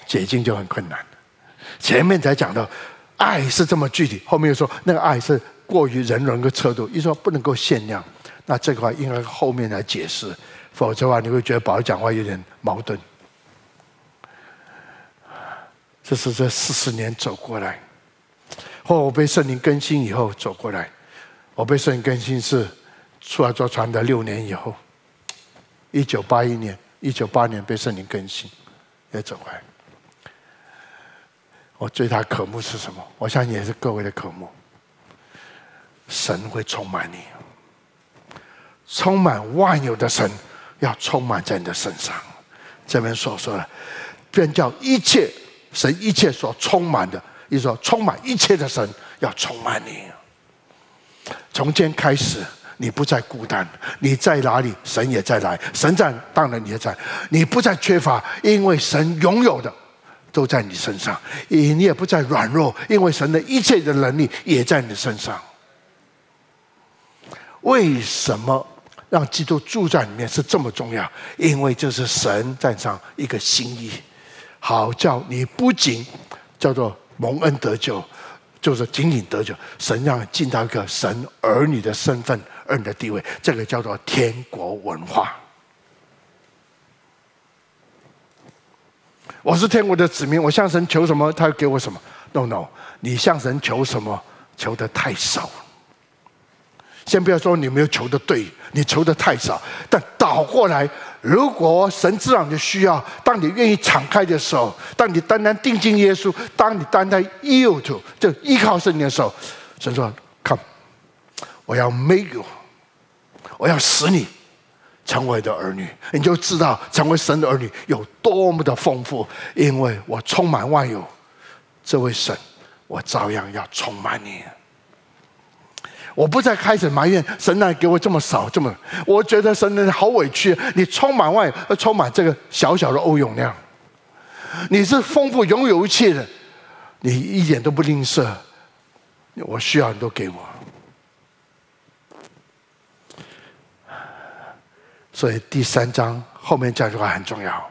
解經就很困難。前面才講到愛是這麼具體，後面又說那個愛是過於人能夠測度，一說不能夠限量，那這個話應該後面來解釋，否則話你會覺得保羅講話有點矛盾。這是這四十年走過來，或我被聖靈更新以後走過來。我被聖靈更新是出來做傳道六年以後，一九八一年、一九八年被聖靈更新，也走開。我最大渴慕是什麼？我相信也是各位的渴慕。神會充滿你，充滿萬有的神要充滿在你的身上。這邊所說的，便叫一切神一切所充滿的，就說充滿一切的神要充滿你。從今天開始，你不再孤單，你在哪裡，神也在來。神在，當然你也在。你不再缺乏，因為神擁有的都在你身上。你也不再軟弱，因為神的一切的能力也在你身上。為什麼讓基督住在裡面是這麼重要？因為這是神在上一個心意，好叫你不僅叫做蒙恩得救。就是僅僅得救，神讓你進到一個神兒女的身份、兒女的地位，這個叫做天國文化。我是天國的子民，我向神求什麼，他給我什麼。No, no，你向神求什麼？求的太少。先不要說你沒有求的對，你求的太少。但倒過來。如果神知道你的需要，當你願意敞開的時候，當你單單定睛耶穌，當你單單 yield 就依靠聖靈的時候，神說：“Come，我要 make you，我要使你成為的兒女，你就知道成為神的兒女有多麼的豐富，因為我充滿萬有，這位神，我照樣要充滿你。”我不再開始埋怨神哪，那給我這麼少，這麼我覺得神哪好委屈。你充滿外，充滿這個小小的歐永亮，你是豐富擁有一切的，你一點都不吝嗇。我需要你都給我。所以第三章後面這句話很重要，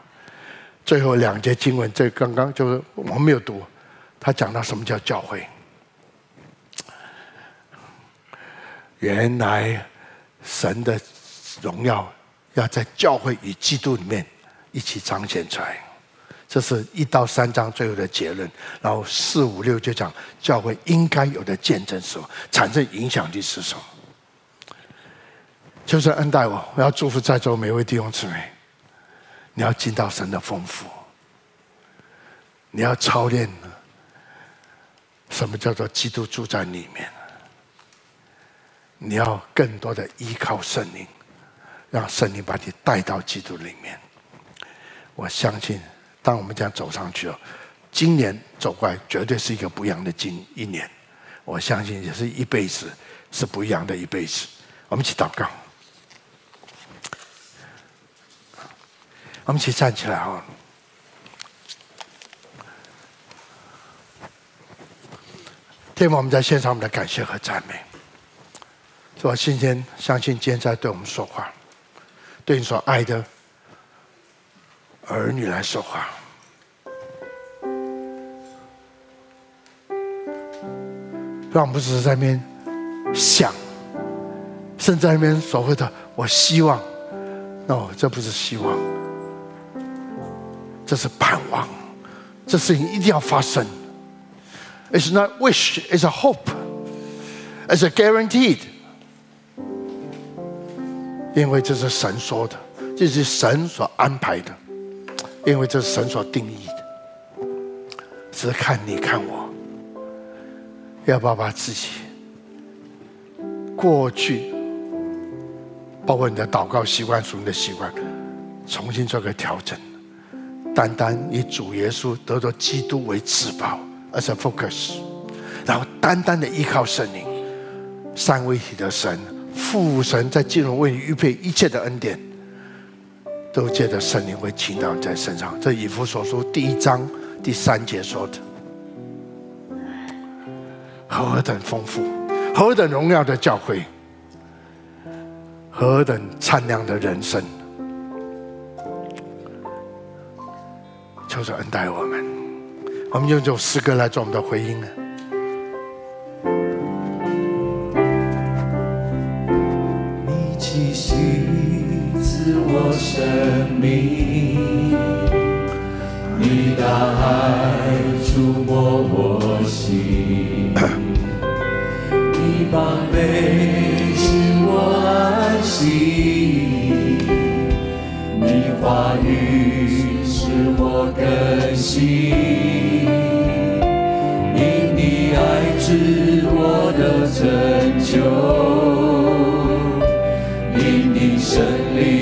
最後兩節經文，這個、剛剛就是我沒有讀，他講到什麼叫教會。原來神的榮耀要在教會與基督裡面一起彰顯出來，這是一到三章最後的結論。然後四五六就講教會應該有的見證，所產生影響力是什麼。求神恩待我，我要祝福在座每位弟兄姊妹。你要進到神的豐富，你要操練呢，什麼叫做基督住在裡面？你要更多的依靠聖靈，讓聖靈把你帶到基督裡面。我相信，當我們這樣走上去哦，今年走過來絕對是一個不一樣的今，一年。我相信，也是一輩子是不一樣的一輩子。我們一起禱告，我們一起站起來哦！天父，我們在獻上我們的感謝和讚美。所以我今天相信今天在對我們說話，對你所愛的兒女來說話，讓我們不只是在那邊想，甚至在那邊所謂的我希望，那、no, 我這不是希望，這是盼望，這事情一定要發生。It's not wish, it's a hope, it's a guaranteed. 因為這是神說的，這是神所安排的，因為這是神所定義的。只是看你看我，要不要把自己過去包括你的禱告習慣、屬靈的習慣，重新做個調整？單單以主耶穌、得着基督為至寶，而且 focus，然後單單的依靠聖靈三位一體的神。父神在進入為你預備一切的恩典，都借着聖靈會傾倒在身上。這以弗所書第一章第三節說的，何等豐富，何等榮耀的教會，何等燦爛的人生，求神恩待我們，我們用這首詩歌來做我們的回應呢？氣息賜我生命，你大愛觸摸我心，你慈悲使我安息，你話語使我更新，因你愛賜我的拯救。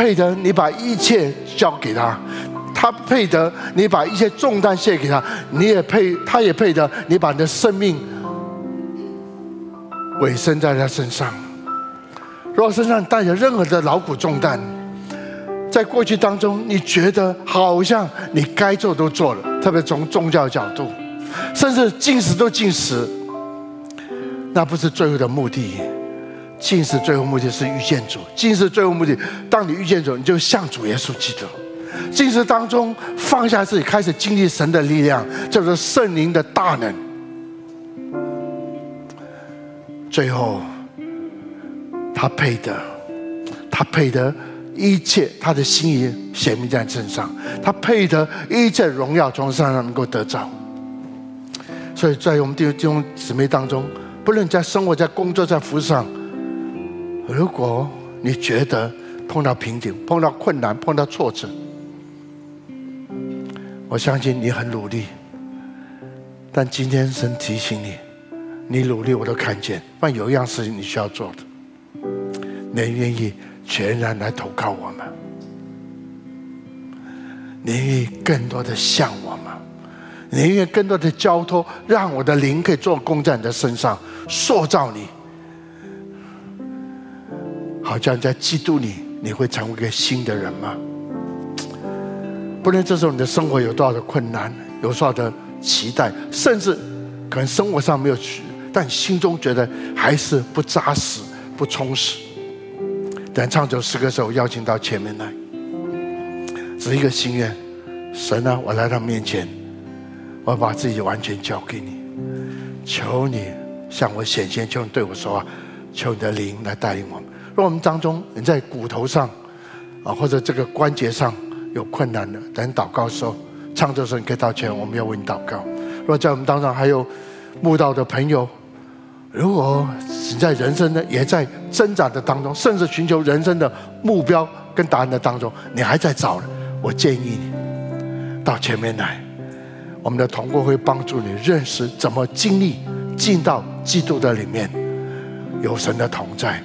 配得你把一切交給他，他配得你把一切重擔卸給他，你也配，他也配得你把你的生命委身在他身上。若身上帶着任何的勞苦重擔，在過去當中，你覺得好像你該做都做了，特別從宗教角度，甚至禁食都禁食，那不是最後的目的。禁食最後目的是遇見主，禁食最後目的，當你遇見主，你就向主耶穌基督。禁食當中放下自己，開始經歷神的力量，叫做聖靈的大能。最後，他配得，他配得一切，他的心意顯明在身上，他配得一切榮耀，從身上,上能夠得着。所以在我們弟兄姊妹當中，不論在生活在工作在服事上。如果你覺得碰到瓶頸、碰到困難、碰到挫折，我相信你很努力。但今天神提醒你，你努力我都看見，但有一樣事情你需要做的，你願意全然來投靠我嗎？你願意更多的向我嗎？你願意更多的交托，讓我的靈可以做工在你的身上，塑造你？好像在基督裡，你會成為一個新的人嗎？不論這時候你的生活有多少的困難，有多少的期待，甚至可能生活上沒有取，但心中覺得還是不扎實、不充實。等唱首詩歌時候，邀請到前面來，只一個心願：神啊，我來到面前，我把自己完全交給你，求你向我顯現，求你對我說話，求你的靈來帶領我們。在我們當中，你在骨頭上，啊，或者這個關節上有困難的，等禱告的時候、唱著的時候，你可以到前，我們要為你禱告。若在我們當中還有慕道的朋友，如果你在人生呢，也在掙扎的當中，甚至尋求人生的目標跟答案的當中，你還在找，我建議你到前面來，我們的同工會幫助你認識怎麼經歷進到基督的裡面，有神的同在。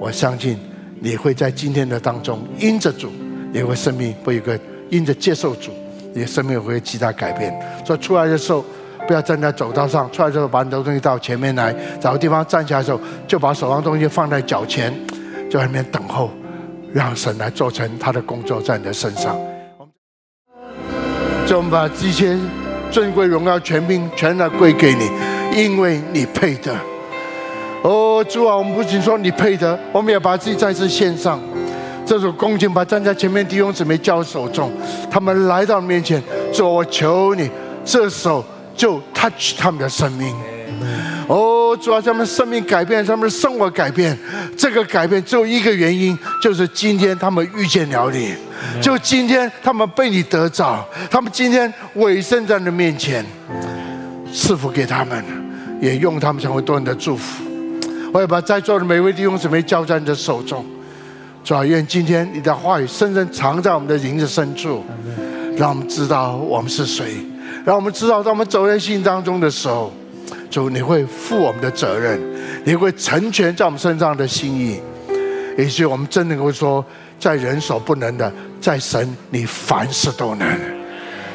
我相信你會在今天的當中因着主，你會生命會有個因着接受主，你生命會極大改變。所以出來的時候，不要站在走道上，出來之後把你的東西到前面來，找個地方站起來的時候，就把手上東西放在腳前，在那邊等候，讓神來做成他的工作在你的身上。我們，就我們把這些尊貴榮耀權柄全來歸給你，因為你配得。哦，oh, 主啊，我們不僅說你配得，我們也把自己再次獻上。這首恭敬把站在前面弟兄姊妹交手中，他們來到你面前，說、啊：“我求你，這手就 touch 他們的生命。”哦，主啊，他們生命改變，他們的生活改變。這個改變只有一個原因，就是今天他們遇見了你，就今天他們被你得着，他們今天委身在你的面前，賜福給他們，也用他們成為多人的祝福。我要把在座的每位弟兄姊妹交在你的手中，主啊，願今天你的話語深深藏在我們的靈的深處，讓我們知道我們是誰，讓我們知道在我們走人心當中的時候，主，你會負我們的責任，你會成全在我們身上的心意，也許我們真的會說，在人所不能的，在神你凡事都能。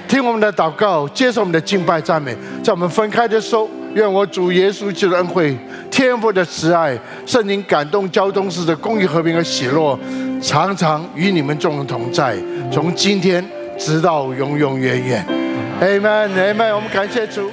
聽我們的禱告，接受我們的敬拜讚美，在我們分開的時候。願我主耶穌基督恩惠、天父的慈愛、聖靈感動交通市的公義和平和喜樂，常常與你們眾人同在，從今天直到永永遠遠 A men, A。Amen，Amen，我們感謝主。